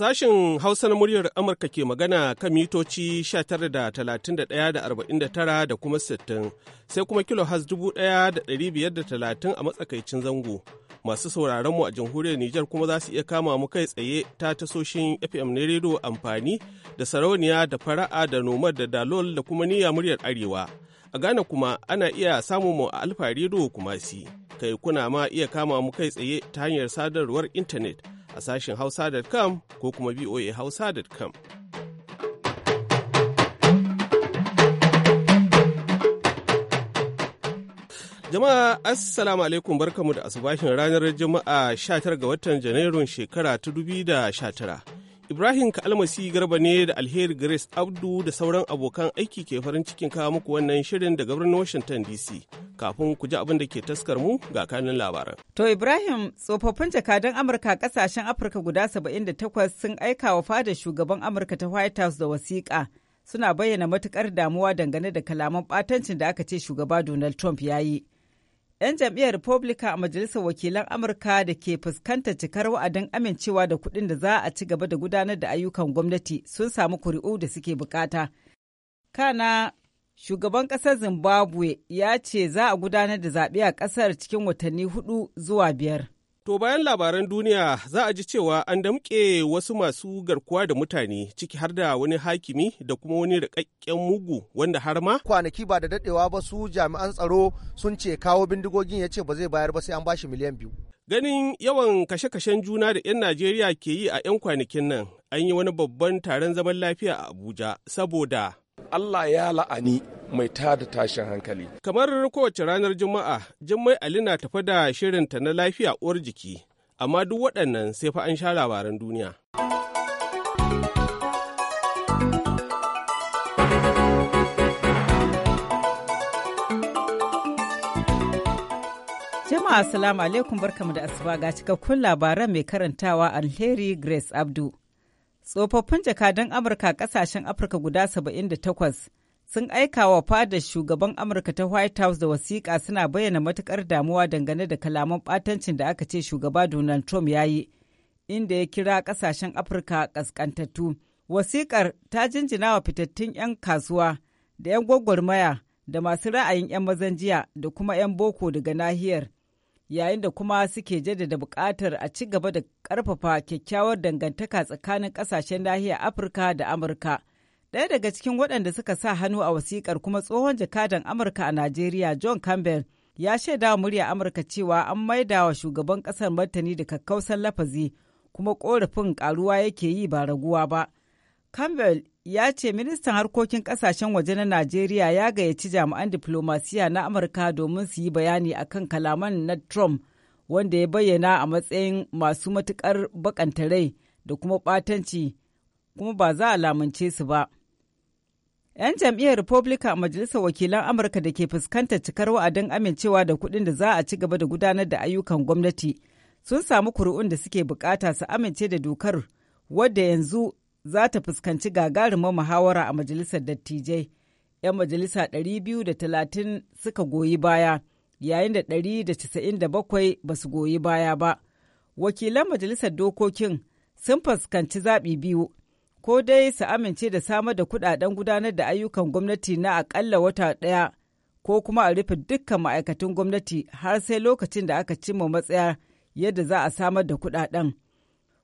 Sashen Hausa na muryar Amurka ke magana kan mitoci 19,39 da kuma 60 sai kuma kilohaz 1,530 a matsakaicin zango. Masu sauraron mu a jamhuriyar Nijar kuma za su iya kama mu kai tsaye ta tasoshin FM na rediyo amfani da sarauniya da fara'a da nomar da dalol da kuma niyya muryar arewa. A Ghana kuma ana iya samun mu a alfa rediyo kuma si. Kai kuna ma iya kama mu kai tsaye ta hanyar sadarwar intanet. a sashen hausa.com ko kuma voa hausa.com. Jama'a Assalamu alaikum barkamu da asubahin ranar Juma'a 19 ga watan Janairun shekara ta 2019. Ibrahim Kalmasi Garba ne da Alheri Grace Abdu da sauran abokan aiki ke farin cikin kawo muku wannan shirin daga birnin Washington DC. kafin ku ji abin da ke taskar mu ga kanin labaran. To Ibrahim tsofaffin jakadun Amurka kasashen Afirka guda saba'in da 78 sun aika wa fadar shugaban Amurka ta White House da wasiƙa suna bayyana matukar damuwa dangane da kalaman batancin da aka ce shugaba Donald Trump ya yi. 'Yan jam'iyyar Republican a Majalisar Wakilan Amurka da ke fuskantar cikar wa'adin amincewa da kuɗin da za a ci gaba da gudanar da ayyukan gwamnati sun samu kuri'u da suke bukata. Kana Shugaban ƙasar Zimbabwe ya ce za a gudanar da zaɓe a ƙasar cikin watanni hudu zuwa biyar. To bayan labaran duniya za a ji cewa an damƙe wasu masu garkuwa da mutane ciki har da wani hakimi da kuma wani rikakken mugu wanda har ma. Kwanaki ba da dadewa ba su jami'an tsaro sun ce kawo bindigogin ya ce ba zai bayar ba sai an bashi miliyan biyu. Ganin yawan kashe-kashen juna da 'yan Najeriya ke yi a 'yan kwanakin nan an yi wani babban taron zaman lafiya a Abuja saboda Allah ya la'ani mai tada tashin hankali. Kamar kowace ranar Juma'a, Jummai Ali na tafi da shirinta na lafiya uwar jiki, amma duk waɗannan sai fa an sha labaran duniya. Jama'a Assalamu alaikum barkamu da asuba ga cikakkun labaran mai karantawa Alheri Grace Abdu. tsofaffin jakadan amurka kasashen afirka guda 78 sun aika wa fadar shugaban amurka ta white house da wasiƙa suna bayyana matukar damuwa dangane da kalaman ɓatancin da aka ce shugaba donald trump ya yi inda ya kira kasashen afirka ƙasƙantattu wasiƙar ta jinjina wa fitattun 'yan kasuwa da 'yan gwagwarmaya da masu ra'ayin 'yan mazan jiya da kuma 'yan boko daga nahiyar yayin da kuma suke jaddada buƙatar a ci gaba da ƙarfafa kyakkyawar dangantaka tsakanin ƙasashen nahiyar Afirka da Amurka. Ɗaya daga cikin waɗanda suka sa hannu a wasiƙar kuma tsohon jakadan Amurka a Najeriya John Campbell ya shaida wa murya Amurka cewa an maida wa shugaban ƙasar martani da kakkausan lafazi kuma ƙorafin ƙaruwa yake yi ba raguwa ba. Campbell ya ce ministan harkokin kasashen waje na Najeriya ya gayyaci jami'an diplomasiya na Amurka domin su yi bayani akan kalaman na Trump wanda ya bayyana a matsayin masu matukar bakanta rai da kuma ɓatanci kuma ba za a lamunce su ba. 'Yan jam'iyyar Republican a Majalisar Wakilan Amurka da ke fuskantar cikar wa'adin amincewa da kuɗin da za a ci gaba da gudanar da ayyukan gwamnati sun samu kuri'un da suke bukata su amince da dokar wadda yanzu za ta fuskanci gagarumar muhawara a majalisar dattijai. 'Yan majalisa 230 suka goyi baya, yayin da 197 ba su goyi baya ba. Wakilan majalisar dokokin sun fuskanci zaɓi biyu, ko dai su amince da samar da kuɗaɗen gudanar da ayyukan gwamnati na aƙalla wata ɗaya, ko kuma a rufe dukkan ma'aikatan gwamnati har sai lokacin da aka cimma matsayar yadda za a samar da kuɗaɗen.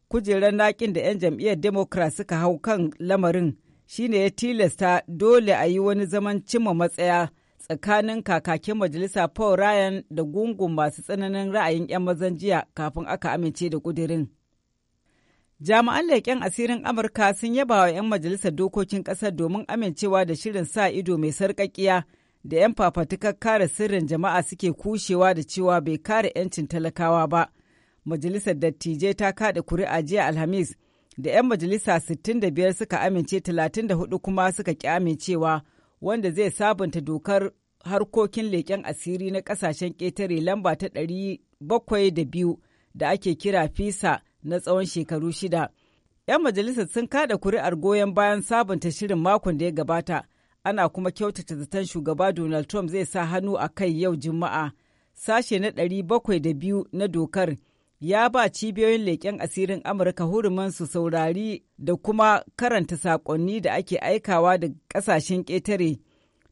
kujerar naƙin da 'yan jam'iyyar democrat suka hau kan lamarin shine ya tilasta dole a yi wani zaman cimma matsaya tsakanin kakakin majalisa paul ryan da gungun masu tsananin ra'ayin 'yan mazan jiya kafin aka amince da ƙudirin jami'an leƙen asirin amurka sun yaba wa 'yan majalisar dokokin ƙasar domin amincewa da shirin sa ido mai sarƙaƙiya da 'yan fafatukar kare sirrin jama'a suke kushewa da cewa bai kare 'yancin talakawa ba majalisar dattijai ta kaɗa kuri'a jiya alhamis da 'yan majalisa 65 suka amince 34 kuma suka ƙi amincewa wanda zai sabunta dokar harkokin leƙen asiri na ƙasashen ƙetare lamba ta 702 da ake kira fisa na tsawon shekaru shida. 'Yan majalisar sun kaɗa kuri'ar goyon bayan sabunta shirin makon da ya gabata, ana kuma kyautata zaton shugaba Donald Trump zai sa hannu a kai yau Juma'a, sashe na 702 na dokar ya ba cibiyoyin leƙen asirin Amurka hurumin su saurari da kuma karanta saƙonni da ake aikawa da ƙasashen ƙetare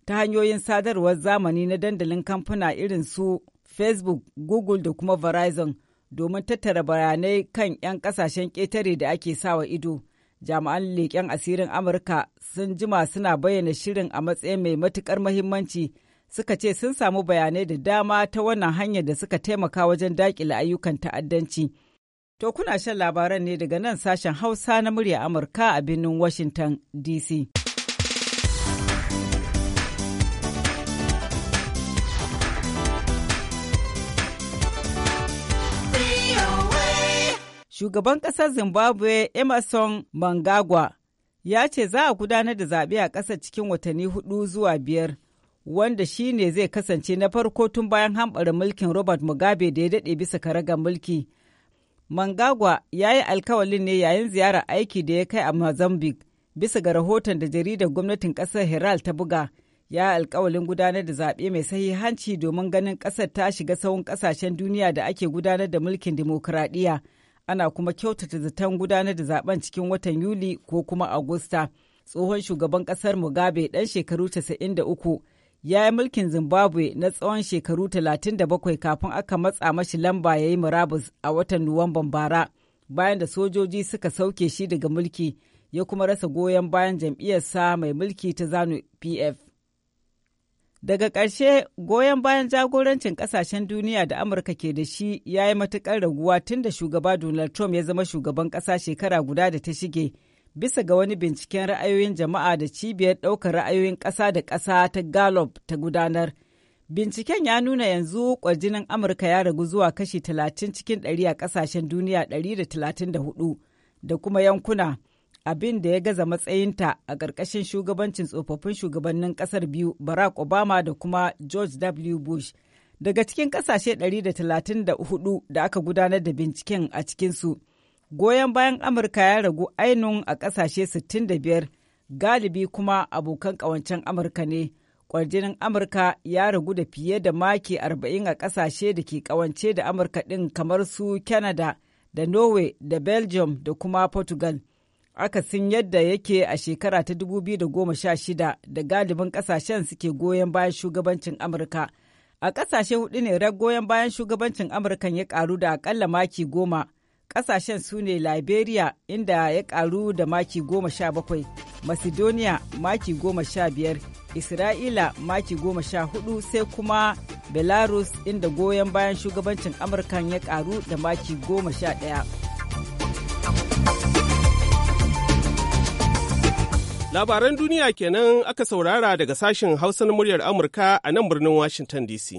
ta hanyoyin sadarwar zamani na dandalin kamfuna irin su Facebook, Google da kuma Verizon domin tattara bayanai kan 'yan ƙasashen ƙetare da ake sawa ido. Jami'an leƙen asirin Amurka sun jima suna bayyana shirin a matsayin mai matuƙar muhimmanci suka ce sun samu bayanai da dama ta wannan hanyar da suka taimaka wajen daƙile ayyukan ta'addanci. To kuna shan labaran ne daga nan sashen Hausa na murya Amurka a birnin Washington DC. Shugaban ƙasar Zimbabwe Emerson Mangagwa ya ce za a gudanar da zaɓe a ƙasar cikin watanni hudu zuwa biyar. wanda shi ne zai kasance na farko tun bayan hamɓarin mulkin Robert Mugabe da ya daɗe bisa karagar mulki. Mangagwa ya yi alkawalin ne yayin ziyarar aiki da ya kai a Mozambique bisa ga rahoton da jaridar gwamnatin ƙasar Herald ta buga. Ya yi alkawalin gudanar da zaɓe mai sahihanci domin ganin ƙasar ta shiga sahun ƙasashen duniya da ake gudanar da mulkin dimokuraɗiyya. Ana kuma kyautata zaton gudanar da zaben cikin watan Yuli ko kuma Agusta. Tsohon shugaban ƙasar Mugabe ɗan shekaru 93 ya yi mulkin Zimbabwe na tsawon shekaru 37 kafin aka matsa mashi lamba ya yi murabus a watan Nuwamban bara bayan da sojoji suka sauke shi daga mulki ya kuma rasa goyon bayan jam'iyyarsa mai mulki ta Zanu PF. Daga ƙarshe goyon bayan jagorancin ƙasashen duniya da Amurka ke da shi ya yi matuƙar raguwa tun da shugaba Donald Trump ya zama shugaban ƙasa shekara guda da ta shige. bisa ga wani binciken ra'ayoyin jama'a da cibiyar ɗaukar ra'ayoyin ƙasa da ƙasa ta Gallup ta gudanar. Binciken ya nuna yanzu kwarjinin Amurka ya ragu zuwa kashi 30 cikin 100 a ƙasashen duniya 134 da kuma yankuna abin da ya gaza matsayinta a ƙarƙashin shugabancin tsofaffin shugabannin ƙasar biyu Barack Obama da kuma George W. Bush. Daga cikin ƙasashe 134 da aka gudanar da binciken a cikinsu. goyon bayan amurka ya ragu ainihin a ƙasashe 65 galibi kuma abokan ƙawancen amurka ne kwarjinin amurka ya ragu da fiye da maki 40 a ƙasashe da ke ƙawance da amurka ɗin kamar su canada da norway da belgium da kuma portugal sun yadda yake a shekara ta 2016 da galibin ƙasashen suke goyon bayan shugabancin amurka a ƙasashe hudu ne goyon bayan shugabancin amurkan ya ƙaru da akalla maki goma kasashen su ne Liberia inda ya karu da maki goma sha bakwai, Macedonia maki goma sha biyar, Isra'ila maki goma sha hudu sai kuma Belarus inda goyon bayan shugabancin Amurkan ya karu da maki goma sha ɗaya. Labaran duniya kenan aka saurara daga sashen Hausa na muryar Amurka a nan birnin Washington DC.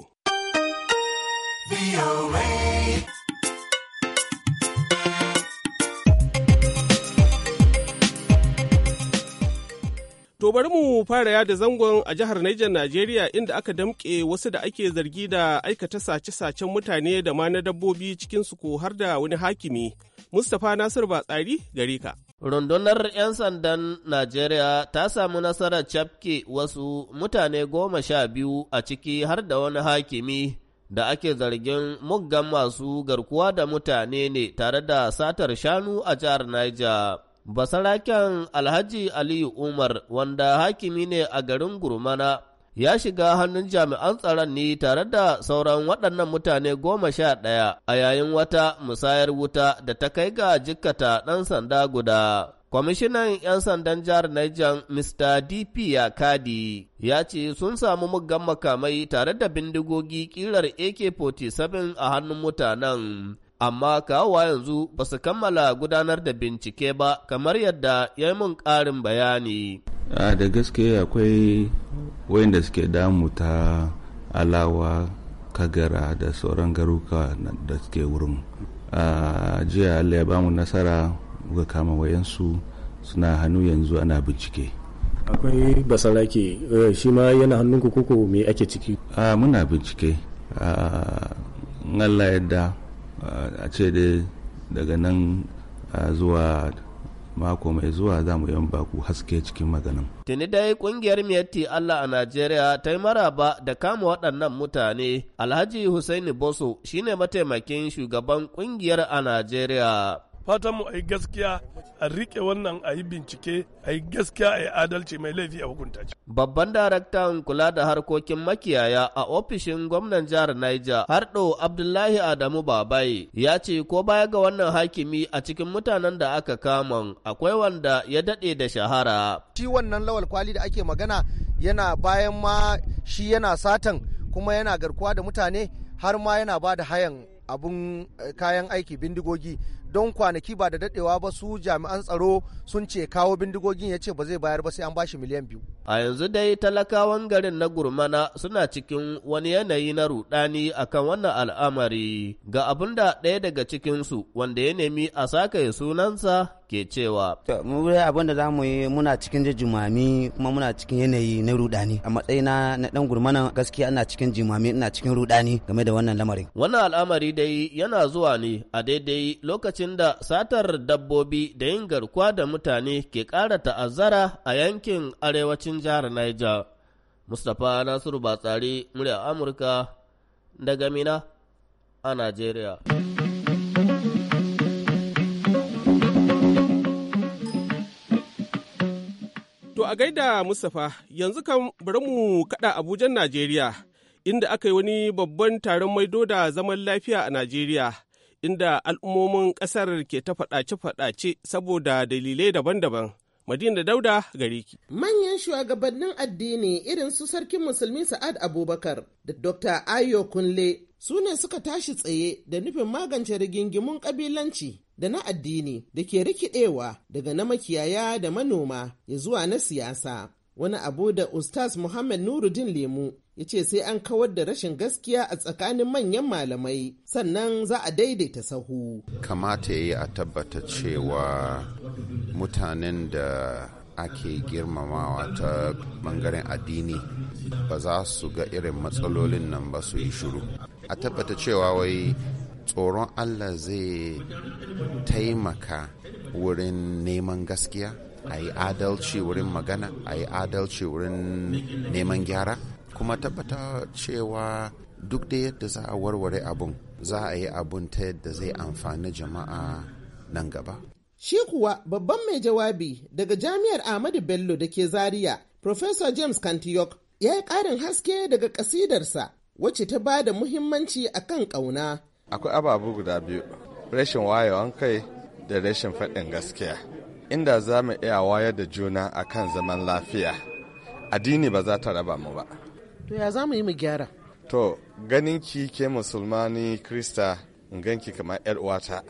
To bari mu fara da zangon a jihar Niger Najeriya inda aka damƙe wasu da ake zargi da aikata sace-sacen mutane da ma na dabbobi cikinsu ko har da wani hakimi. Mustapha Nasir Batsari gare ka. Rundunar 'yan sandan Najeriya ta samu nasarar cafke wasu mutane goma sha biyu a ciki har da wani hakimi da ake zargin muggan masu garkuwa da mutane ne tare da satar shanu a jihar Niger. Basaraken Alhaji Aliyu Umar wanda hakimi ne a garin Gurmana ya shiga hannun jami'an tsaron ne tare da sauran waɗannan mutane goma sha ɗaya a yayin wata musayar wuta da ta kai ga jikkata ɗan sanda guda. Kwamishinan 'yan sandan jihar Niger Mr. DP Yakadi ya ce sun samu muggan makamai tare da bindigogi kirar AK-47 a hannun mutanen amma kawowa yanzu ba su kammala gudanar da bincike ba kamar yadda ya mun ƙarin bayani. a da gaske akwai wayanda suke damu ta alawa kagara da sauran garuka da suke wurin a jiya allah ya bamu nasara muka kama wayansu suna hannu yanzu ana bincike akwai basarake eh, shi ma yana hannun kuku me ake ciki a muna bincike a allah yadda Eh, a ce dai daga nan eh, zuwa mako mai zuwa za mu yan baku haske cikin maganin. Tuni dai kungiyar miyatti Allah a Najeriya ta yi maraba da kama waɗannan mutane. Alhaji Hussaini Boso shine mataimakin shugaban kungiyar a Najeriya. fatanmu a yi gaskiya a riƙe wannan a yi bincike a yi gaskiya a yi adalci mai laifi a hukunta shi. Babban daraktan kula da harkokin makiyaya a ofishin gwamnan jihar Niger Hardo Abdullahi Adamu Babai, ya ce ko baya ga wannan hakimi a cikin mutanen da aka kama akwai wanda ya daɗe da shahara. Shi wannan lawal kwali da ake magana yana bayan ma shi yana satan kuma yana garkuwa da mutane har ma yana ba da hayan abun eh, kayan aiki bindigogi don kwanaki ba da dadewa ba su jami'an tsaro sun ce kawo bindigogin ya ce ba zai bayar ba sai an ba shi miliyan biyu. A yanzu dai talakawan garin na Gurmana suna cikin wani yanayi na rudani akan wannan al'amari ga abin da ɗaya daga cikinsu wanda ya nemi a sakaye sunansa ke cewa. Mu abin da za mu yi muna cikin jimami kuma muna cikin yanayi na rudani. A matsayina na dan gurmana gaskiya ina cikin jimami ina cikin rudani game da wannan lamarin. Wannan al'amari dai yana zuwa ne a daidai lokacin lokacin da satar dabbobi da yin garkuwa da mutane ke ƙara ta'azzara a yankin arewacin jihar Niger. Mustapha Nasiru Batsari, murya Amurka, daga Mina a Najeriya. To a gaida Mustapha, yanzu kan bari mu kaɗa Abujan Najeriya, inda aka yi wani babban taron maido da zaman lafiya a Najeriya. inda al'ummomin ƙasar ke ta faɗace-faɗace saboda dalilai daban-daban. Madina Dauda gare ki. Manyan shugabannin addini irin su sarkin musulmi Sa'ad Abubakar da Dr. Ayo Kunle su ne suka tashi tsaye da nufin magance rigingimun kabilanci da na addini da ke rikidewa daga na makiyaya da manoma ya zuwa na siyasa. Wani abu da Ustaz Muhammad Nuruddin Lemu ya ce sai an kawar da rashin gaskiya a tsakanin manyan malamai sannan za a daidaita sahu. Kamata ya yi a tabbata cewa mutanen da ake girmamawa ta bangaren addini ba za su ga irin matsalolin nan ba su yi shiru. A tabbata cewa wai tsoron Allah zai taimaka wurin neman gaskiya, a yi adalci wurin magana, a yi adalci wurin neman gyara. kuma tabbata cewa duk da yadda za a warware abun za a yi abun ta yadda zai amfani jama'a nan gaba. Shi kuwa babban mai jawabi daga jami'ar Ahmadu Bello da ke Zaria, Professor James Kantiyok ya yi ƙarin haske daga ƙasidarsa wacce ta ba da muhimmanci a kan ƙauna. Akwai ababu guda biyu, rashin wayewan kai da rashin faɗin gaskiya. Inda za mu iya wayar da juna a kan zaman lafiya, addini ba za ta raba mu ba. to ya za mu yi mu gyara to ganin ki ke musulmani krista in ganki kamar yar uwata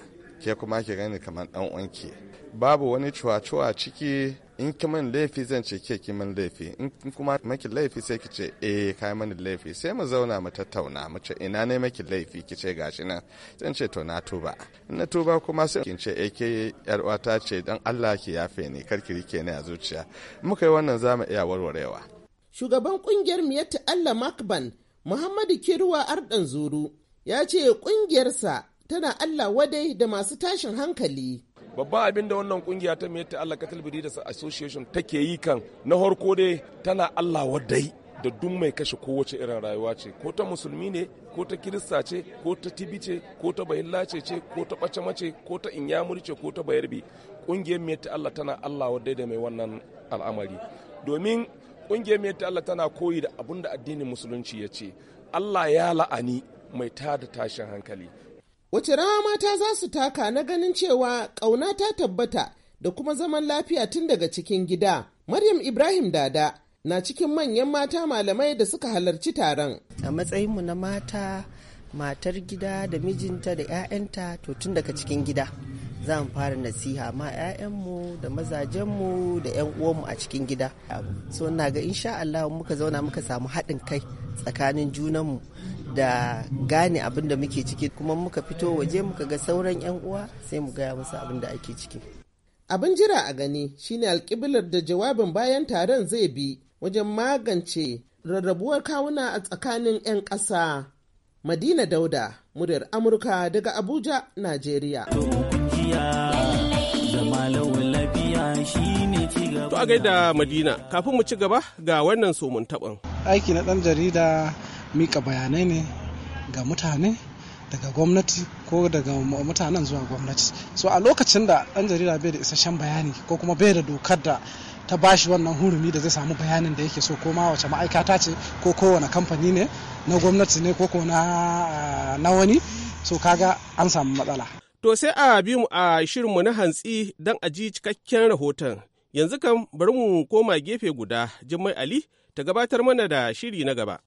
ke kuma ke gani kamar dan uwanki babu wani cuwa-cuwa ciki in ki min laifi zan ce ke ki min laifi in kuma maki laifi sai ki ce eh kai mani laifi sai mu zauna mu tattauna mu ce ina ne maki laifi ki ce gashi nan zan ce to na tuba in na tuba kuma sai kin ce eh ke yar uwata ce dan Allah ki yafe ni kar ki rike ni a zuciya muka yi wannan zamu iya warwarewa Shugaban kungiyar Miyatta Allah Makban Muhammadu Kirwa Ardan Zuru ya ce kungiyarsa tana Allah wadai da masu tashin hankali. Babban abin da wannan kungiya ta Miyatta Allah Cattle Breeders Association take yi kan na harko dai tana Allah wadai da duk mai kashe kowace irin rayuwa ce ko ta musulmi ne ko ta kirista ce ko ta tibi ce ko ta bahilla ce ko ta ɓace mace ko ta inyamuri ce ko ta bayarbi ƙungiyar mai Allah tana Allah wadai da mai wannan al'amari domin ƙungiyar mai ta Allah tana koyi da abin da addinin musulunci ya ce Allah ya la'ani mai tada tashin hankali wace rawa mata za su taka na ganin cewa ƙauna ta tabbata da kuma zaman lafiya tun daga cikin gida maryam ibrahim dada na cikin manyan mata malamai da suka halarci taron a matsayinmu na mata matar gida da mijinta da 'ya'yanta to tun daga cikin gida za mu fara nasiha ma 'ya'yanmu da mazajenmu da 'yan uwanmu a cikin gida so na ga insha Allah muka zauna muka samu haɗin kai tsakanin junanmu da gane abin da muke ciki kuma muka fito waje muka ga sauran 'yan uwa sai mu gaya musu abin da ake ciki abin jira a gani shine alkiblar da jawabin bayan taron zai bi wajen magance rarrabuwar kawuna a tsakanin 'yan ƙasa madina dauda muryar amurka daga abuja najeriya to a gaida madina kafin mu ci gaba ga wannan somun taɓin aiki na ɗan jarida mika bayanai ne ga mutane daga gwamnati ko daga mutanen zuwa gwamnati so a lokacin da ɗan jarida bai da isasshen bayani ko kuma bai da dokar da ta bashi wannan hurumi da zai samu bayanin da yake so ko ma wace ma'aikata ce ko kowane kamfani ne na gwamnati ne ko ah, na wani so kaga an samu matsala To sai a bi mu a shirin mu na hantsi don a ji cikakken rahoton. Yanzu kan bari mu koma gefe guda, Jummai Ali ta gabatar mana da shiri na gaba.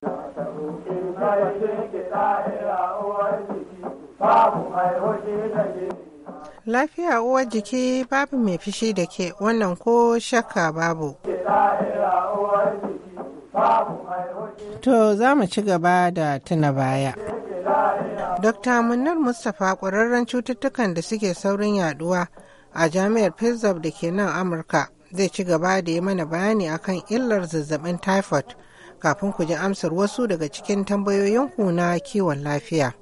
Lafiya uwar jiki babu mai fishi da ke wannan ko shakka babu. To za mu ci gaba da tuna baya. Dokta Munnar Mustapha ƙwararren cututtukan da suke saurin yaduwa a jami'ar Pittsburgh da ke nan Amurka zai ci gaba da yi mana bayani akan illar zazzabin typhoid kafin ku ji amsar wasu daga cikin tambayoyinku na kiwon lafiya.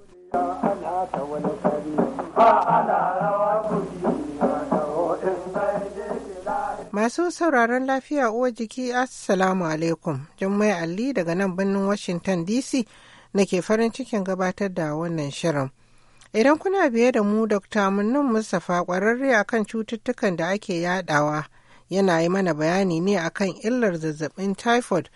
Masu sauraron lafiya uwa jiki Assalamu alaikum, Jummai Ali daga nan birnin Washington DC Na ke farin cikin gabatar da wannan shirin. Idan kuna biye da mu Dr. Munnun Mustapha ƙwararre akan cututtukan da ake yadawa yana yi mana bayani ne akan illar zazzabin typhoid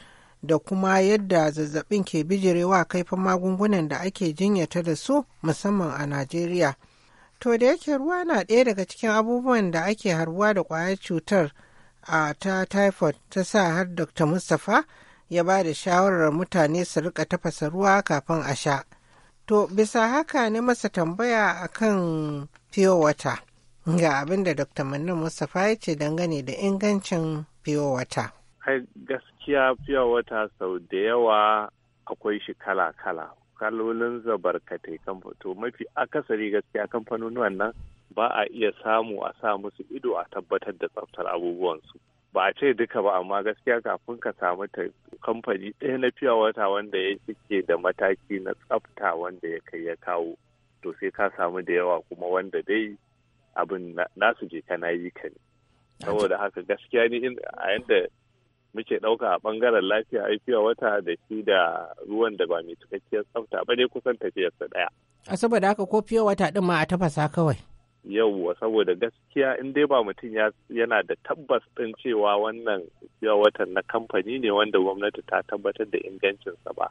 da kuma yadda zazzabin ke bijirewa kaifin magungunan da ake jinyata da su musamman a Najeriya. To da yake ruwa na ɗaya daga cikin abubuwan da ake harbuwa da ƙwayar cutar a ta typhoid ta sa har Dr. Mustapha ya ba da shawarar mutane su rika tafasa ruwa kafin a sha. To, bisa haka ne masa tambaya akan fiye wata ga abin da Dr. Mannan Mustapha ya ce dangane da ingancin fiye wata. Kai gaskiya wata sau da yawa akwai shi kala-kala. Kalolin zabarkatai kan fito mafi akasari gaskiya kamfanonin wannan ba a iya samu a sa musu ido a tabbatar da tsaftar abubuwansu. ba a ce duka ba amma gaskiya kafin ka samu ta kamfani ɗaya na fiya wata wanda ya cike da mataki na tsafta wanda ya kai ya kawo to sai ka samu da yawa kuma wanda dai abin nasu je kana yi ka ne saboda haka gaskiya ne a yadda muke ɗauka a bangaren lafiya ai fiya wata da shi da ruwan da ba mai cikakkiyar tsafta ba ne kusan tafiyarsa ɗaya. a saboda haka ko fiya wata ɗin ma a tafasa kawai. yauwa saboda gaskiya in dai ba mutum yana da tabbas ɗin cewa wannan watan na kamfani ne wanda gwamnati ta tabbatar da ingancinsa ba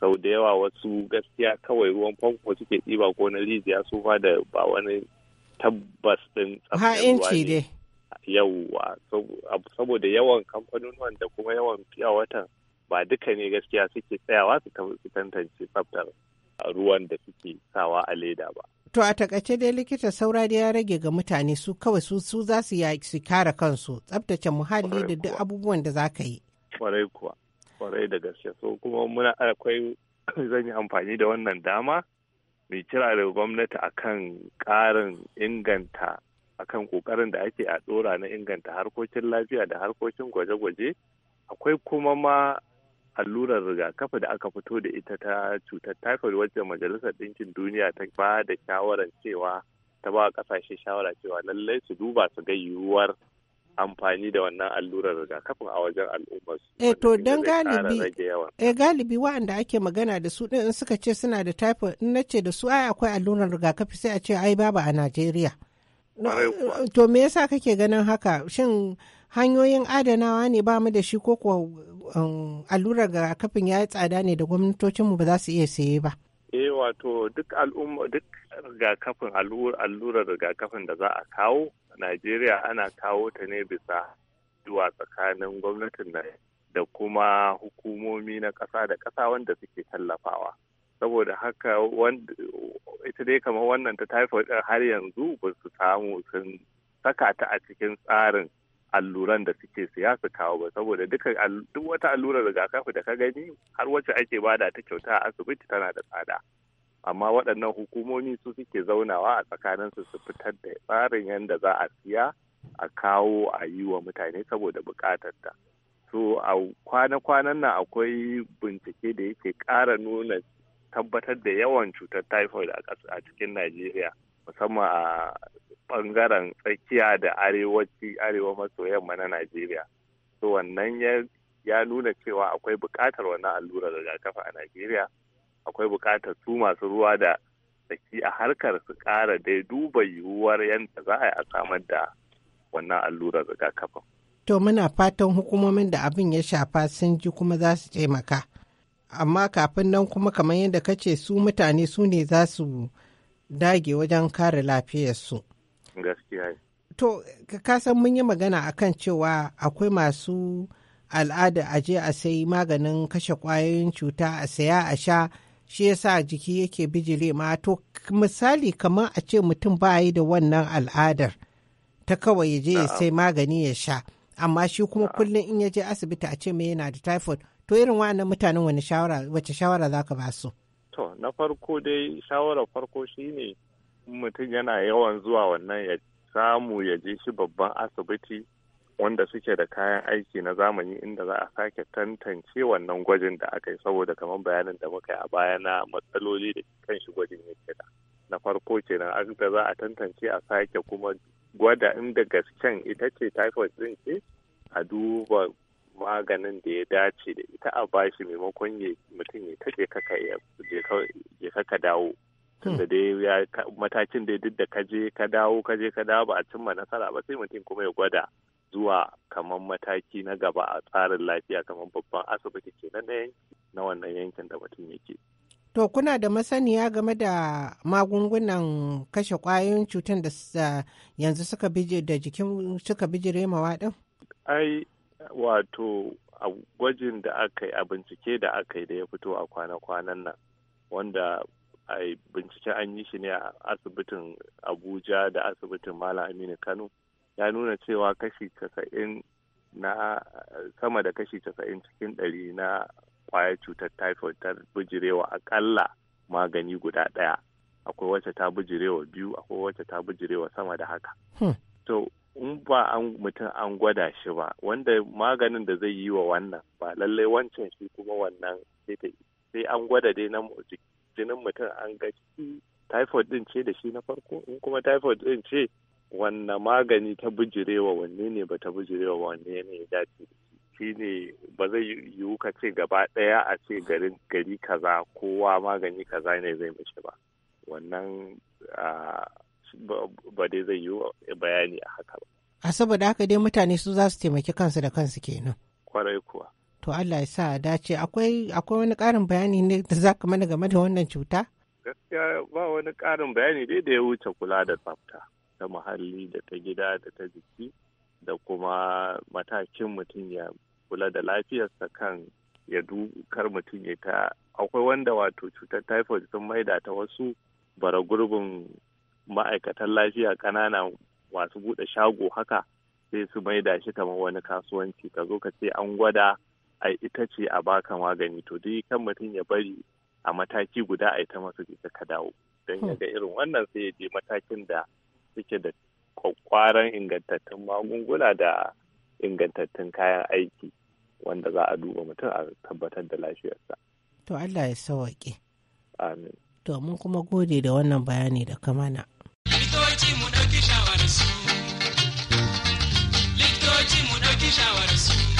sau da yawa wasu gaskiya kawai ruwan famfo suke ɗiba ko na rijiya su ba da ba wani tabbas ɗin tsaftar ne yauwa saboda yawan kamfanonuwan da kuma yawan fiya watan ba duka ne gaskiya suke tsayawa su tantance tsaftar ruwan da suke sawa a leda ba To a takaice dai likita saura da ya rage ga mutane su kawai su su za su yi kare kansu tsabtace muhalli da duk abubuwan da za ka yi. Kwarai kuwa, kwarai da gaske. So kuma muna akwai zan yi amfani da wannan dama mai kira da gwamnati akan ƙarin inganta akan ƙoƙarin da ake a ɗora na inganta harkokin lafiya da harkokin gwaje-gwaje. Akwai kuma ma allurar rigakafi da aka fito da ita ta cutar typhoid wacce majalisar ɗinkin duniya ta ba da shawarar cewa ta ba kasashe shawara cewa lallai su duba su ga yiwuwar amfani da wannan allurar rigakafin a wajen al'ummar E eh, to don galibi e galibi wa'anda ake magana da su in suka ce suna da typhoid in nace da su ai akwai allurar rigakafi sai a ce ai babu a Najeriya. Eh, to me yasa kake ganin haka? Shin hanyoyin adanawa ne ba mu da shi ko Um, allurar rigakafin ya yi tsada ne da gwamnatocinmu ba za su iya saye ba. Eh wato duk al'umma duk rigakafin allurar rigakafin da za a kawo Najeriya ana kawo ta ne bisa duwa tsakanin gwamnatin nan da kuma hukumomi na ƙasa da ƙasa wanda suke tallafawa. Saboda haka ita dai kamar wannan ta taifa har yanzu ba su samu sun saka ta a cikin tsarin alluran da suke siya su kawo ba saboda duka duk wata allurar rigakafi da ka gani har wacce ake bada ta kyauta a asibiti tana da tsada amma waɗannan hukumomi su suke zaunawa a tsakaninsu su fitar da tsarin yadda za a siya a kawo a yi wa mutane saboda buƙatar ta so a kwana-kwanan nan akwai bincike da yake ƙara nuna tabbatar da yawan cutar typhoid a cikin najeriya musamman a bangaren tsakiya da arewaci arewa maso yamma na najeriya to wannan ya nuna cewa akwai bukatar wannan allurar rigakafi a najeriya akwai bukatar su masu ruwa da tsaki a harkar su ƙara dai duba yiwuwar yadda za a yi a samar da wannan allurar rigakafin to muna fatan hukumomin da abin ya shafa sun ji kuma za su taimaka amma kafin nan kuma kamar yadda kace su mutane su ne za su dage wajen kare lafiyarsu. Gaskiya. To, ka san mun yi magana akan cewa akwai masu al'ada a je a sai maganin kashe kwayoyin cuta a saya a sha shi yasa jiki yake bijire ma to misali kamar a ce mutum ba yi da wannan al'adar ta kawai ya je ya sai magani ya sha amma shi kuma kullum in ya je asibiti a ce mai yana da typhoid to irin wa'annan mutanen wani shawara wace shawara za ka ba su to na farko dai shawarar farko shine mutum yana yawan zuwa wannan ya samu ya je shi babban asibiti wanda suke da kayan aiki na zamani inda za a sake tantance wannan gwajin da aka yi saboda kamar bayanin da muka yi a baya na matsaloli da kan shi gwajin yake da na farko kenan da za a tantance a sake kuma gwada inda gasken ita ce typhoid din ce a duba maganin da ya dace da ita a bashi maimakon mutum ya kaka dawo Hmm. tunda dai matakin dai duk da ka je ka dawo ka je ka dawo ba a cimma nasara ba sai mutum kuma ya gwada zuwa kamar mataki na gaba a tsarin lafiya kamar babban asibiti kenan na na wannan yankin da mutum yake. To kuna da masaniya game da magungunan kashe ƙwayoyin cutar da yanzu suka bije da jikin suka bijire Ai wato a gwajin da aka yi a bincike da aka yi da ya fito a kwana-kwanan nan wanda a binciken an yi shi ne a asibitin abuja da asibitin malam aminu kano ya nuna cewa kashi casa'in na sama da kashi casa'in cikin ɗari na kwayar cutar typhoid ta bijirewa akalla magani guda ɗaya akwai wacce ta bijirewa biyu akwai wacce ta bijirewa sama da haka hmm. to in ba an mutum an gwada shi ba wanda maganin da zai yi wa wannan ba lallai wancan shi kuma wannan sai an gwada dai na jinin mutum an ga typhoid din ce da shi na farko in kuma typhoid din ce wanne magani ta bijirewa wanne ne ba ta bujirewa wanne ne ya dace shi ne ba zai yiwu ka ce gaba ɗaya a ce garin gari kaza kowa magani kaza ne zai mishi ba wannan ba dai zai yiwu bayani a haka ba a saboda haka dai mutane su za su taimaki kansu da kansu kenan kwarai kuwa to Allah ya sa dace akwai akwai wani karin bayani ne da za ka mana game da wannan cuta gaskiya ba wani karin bayani dai da ya wuce kula da tsafta ta muhalli da ta gida da ta jiki da kuma matakin mutum ya kula da lafiyarsa kan ya dukar mutum ya ta akwai wanda wato cutar typhoid sun maida ta wasu bara gurbin ma'aikatan lafiya ƙanana masu buɗe shago haka sai su maida shi kamar wani kasuwanci ka zo ka ce an gwada ai ita ce a baka magani to dai kan mutum ya bari a mataki guda a ita masa jika ka dawo don ya hmm. ga irin wannan sai ya je matakin da suke da kwakwaran ingantattun magunguna da ingantattun kayan aiki wanda za a duba mutum a tabbatar da lafiyarsa. To Allah ya sawaƙe. Amin. To mun kuma gode da wannan bayani da kamana. Likitoci mu ɗauki shawararsu. Likitoci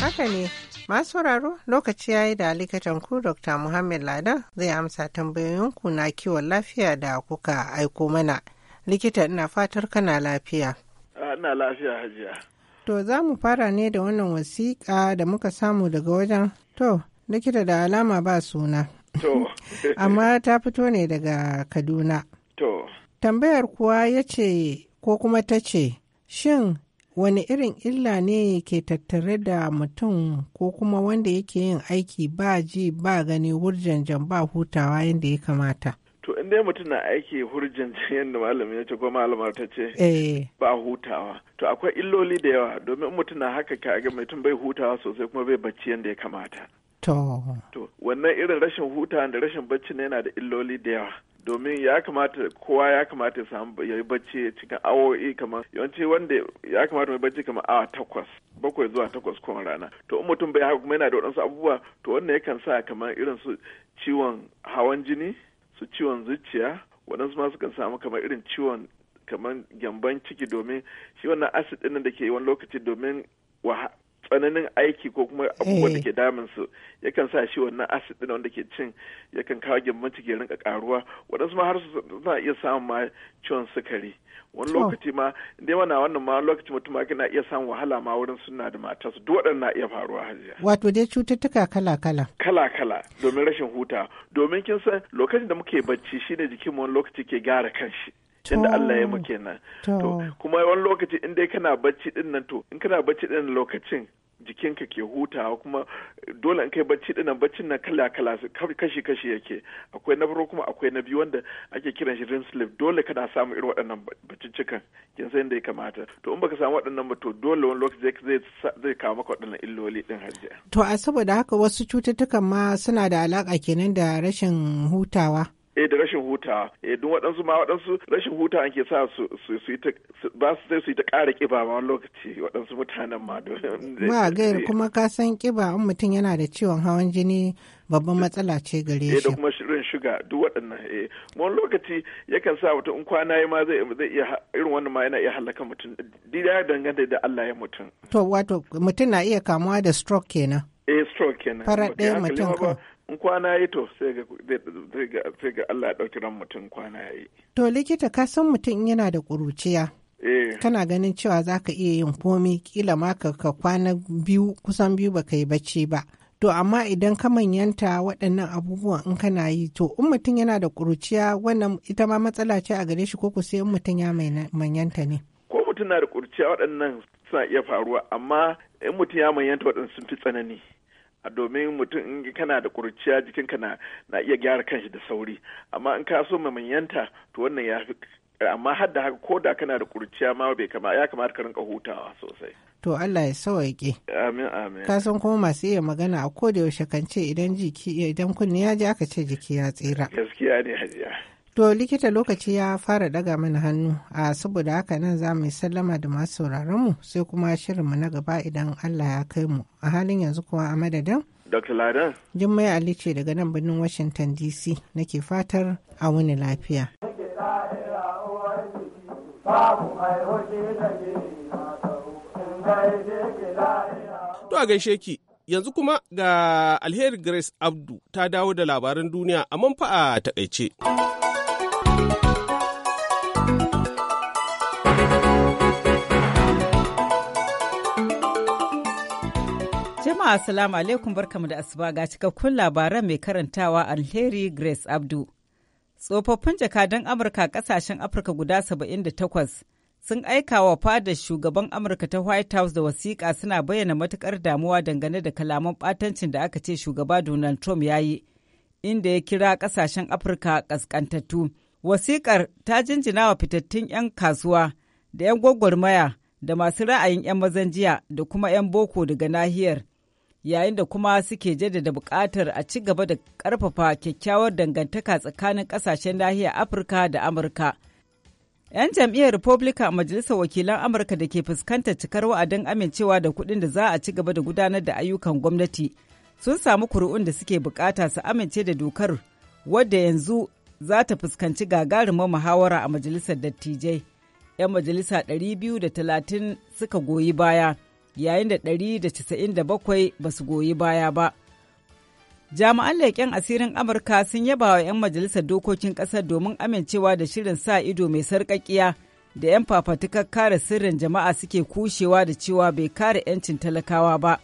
haka ne masu sauraro lokaci ya yi da likitan ku dr muhammad ladan zai amsa tambayoyinku na kiwon lafiya da kuka aiko mana likita ina fatar kana lafiya ina lafiya hajiya to za mu fara ne da wannan wasiƙa da muka samu daga wajen to likita da alama ba suna to amma ta fito ne daga kaduna to Tambayar kuwa ya ce ko kuma ta ce, Shin wani irin illa ne ke tattare da mutum ko kuma wanda yake yin aiki ba ji ba gani wurjanjan ba hutawa yadda ya kamata? To in dai mutum na aiki hurjanjan yadda malamin ya ce ko malamar ta ce eh. ba hutawa. To akwai illoli da yawa domin mutum na haka kaga mutum bai hutawa sosai kuma bai bacci yadda ya kamata. To. wannan irin rashin hutawa da rashin bacci ne yana da illoli da yawa. domin ya kamata kowa ya kamata ya samu ya yi bacci cikin awowi kamar yawanci wanda ya kamata mai bacci kamar awa takwas bakwai zuwa takwas kowane rana to in mutum bai haka kuma yana da waɗansu abubuwa to wannan yakan sa kamar irin su ciwon hawan jini su ciwon zuciya waɗansu ma sukan samu kamar irin ciwon kamar gyamban ciki domin shi wannan acid ɗin da ke yi wani lokaci domin tsananin aiki ko kuma abubuwan da eh. ke damun su yakan sa shi wannan acid din wanda ke cin yakan kawo gimman ciki rinka karuwa waɗansu ma har su za iya samun ma ciwon sukari wani lokaci ma yawa na wannan ma lokaci mutum ma na iya samun wahala ma wurin suna da mata su duk na iya faruwa hajiya wato dai cututtuka kala kala kala kala domin rashin huta domin kin san lokacin da muke bacci shine jikin mu wani lokaci ke gyara kanshi haliccin da Allah ya mu oh. kenan to kuma wani lokaci in dai kana bacci din nan to in kana bacci din lokacin jikinka ke hutawa kuma dole in kai bacci nan baccin na kala kala kashi kashi yake akwai na farko kuma akwai na biyu wanda ake kiran shi dream sleep dole kana samu irin waɗannan baccicikan kin san ya kamata to in baka samu waɗannan ba to dole wani lokaci zai zai kawo maka waɗannan illoli din hajjia to a saboda haka wasu cututtukan ma suna da alaka kenan da rashin hutawa eh da rashin huta eh duk waɗansu ma waɗansu rashin huta ke sa su su ta ba su sai su yi ta ƙara ƙiba ma wani lokaci waɗansu mutanen ma ba gair kuma ka san ƙiba an mutum yana da ciwon hawan jini babban matsala ce gare eh, shi da kuma shirin shuga duk waɗannan eh wani lokaci yakan sa mutum in kwana yi ma zai zai iya irin wannan ma yana iya halaka mutum dida ya danganta da Allah ya mutum to wato mutum na iya kamuwa da stroke kenan eh stroke kenan farar ɗaya mutum in kwana yi to sai ga Allah ɗauki ran mutum kwana yi. To likita ka san mutum yana da ƙuruciya. Eh. Kana ganin cewa za ka iya yin komi kila ma ka kwana biyu kusan biyu ba ka yi bacci ba. To amma idan ka manyanta waɗannan abubuwan in kana yi to in mutum yana da ƙuruciya wannan ita ma matsala ce a gare shi ko ku sai in mutum ya manyanta ne. Ko mutum na da ƙuruciya waɗannan suna iya faruwa amma in mutum ya manyanta waɗannan sun fi tsanani. domin mutum in kana da kurciya jikinka na na iya gyara kanshi da sauri amma in ka so mamanyanta to wannan ya fi amma har da haka ko da kana da kurciya ma bai kama ya kamata ka rinka hutawa sosai to Allah ya sawaike amin amin ka san kuma masu iya magana a ko da yaushe kan ce idan jiki idan kunni ya ji aka ce jiki ya tsira gaskiya ne hajiya To likita lokaci ya fara daga mana hannu a saboda haka nan za mu yi sallama da masu mu sai kuma shirinmu na gaba idan Allah ya kai mu a halin yanzu kuwa a madadin. Dr. Ladan. Jummai Ali ce daga nan birnin Washington DC nake fatar a wani lafiya. To a gaishe ki yanzu kuma ga alheri Grace Abdu ta dawo da labaran duniya a manfa a takaice. Jama'a Assalamu alaikum barkamu da asuba ga cikakkun labaran mai karantawa Alheri Grace Abdu. Tsofaffin jakadan Amurka kasashen Afirka guda 78 sun aika wa fada shugaban Amurka ta White House da wasiƙa suna bayyana matukar damuwa dangane da kalaman ɓatancin da aka ce shugaba Donald Trump ya yi, inda ya kira ƙasashen Afirka ƙasƙantattu. Wasiƙar ta jinjina wa fitattun 'yan kasuwa da 'yan gwagwarmaya da masu ra'ayin 'yan mazan jiya da kuma 'yan boko daga nahiyar yayin da kuma suke jaddada buƙatar a ci gaba da ƙarfafa kyakkyawar dangantaka tsakanin ƙasashen nahiyar Afirka da Amurka. 'Yan jam'iyyar Republika a Majalisar Wakilan Amurka da ke fuskantar cikar wa'adin amincewa da kuɗin da za a ci gaba da gudanar da ayyukan gwamnati sun samu kuri'un da suke bukata su amince da dokar wadda yanzu za ta fuskanci gagarumin muhawara a Majalisar Dattijai. 'Yan majalisa 230 suka goyi baya. yayin da 197 ba su goyi baya ba. Jami'an leƙen asirin Amurka sun yaba wa 'yan majalisar dokokin ƙasar domin amincewa da shirin sa ido mai sarƙaƙiya da 'yan fafatukar kare sirrin jama'a suke kushewa da cewa bai kare 'yancin talakawa ba.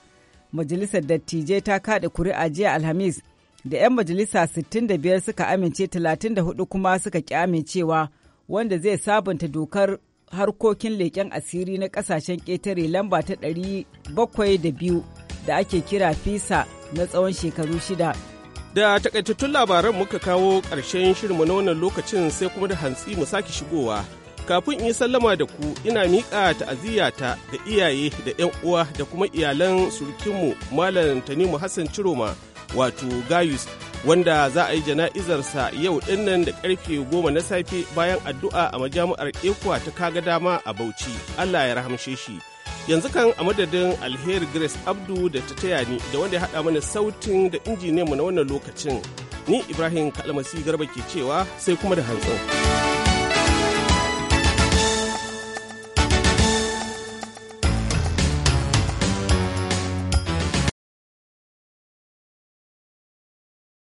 Majalisar dattijai ta kaɗa kuri'a jiya Alhamis da 'yan majalisa 65 suka amince 34 kuma suka ƙi amincewa wanda zai sabunta dokar harkokin leƙen asiri na ƙasashen ƙetare lamba ta ɗari bakwai da biyu da ake kira fisa na tsawon shekaru shida. Da takaitattun labaran muka kawo ƙarshen shirinmu na wannan lokacin sai kuma da hantsi mu sake shigowa. Kafin in yi sallama da ku ina miƙa ta'aziyyata da iyaye da 'yan uwa da kuma iyalan surukinmu Malam Tanimu Hassan Ciroma wato Gayus wanda za a yi jana'izarsa yau dinnan da karfe goma na safe bayan addu'a a majami'ar ekuwa ta kaga dama a bauchi allah ya rahamshe shi yanzu kan a madadin alheri grace abdu da ta taya ni da wanda ya haɗa mana sautin da injiniyanmu na wannan lokacin ni ibrahim kalmasi garba ke cewa sai kuma da hantsau.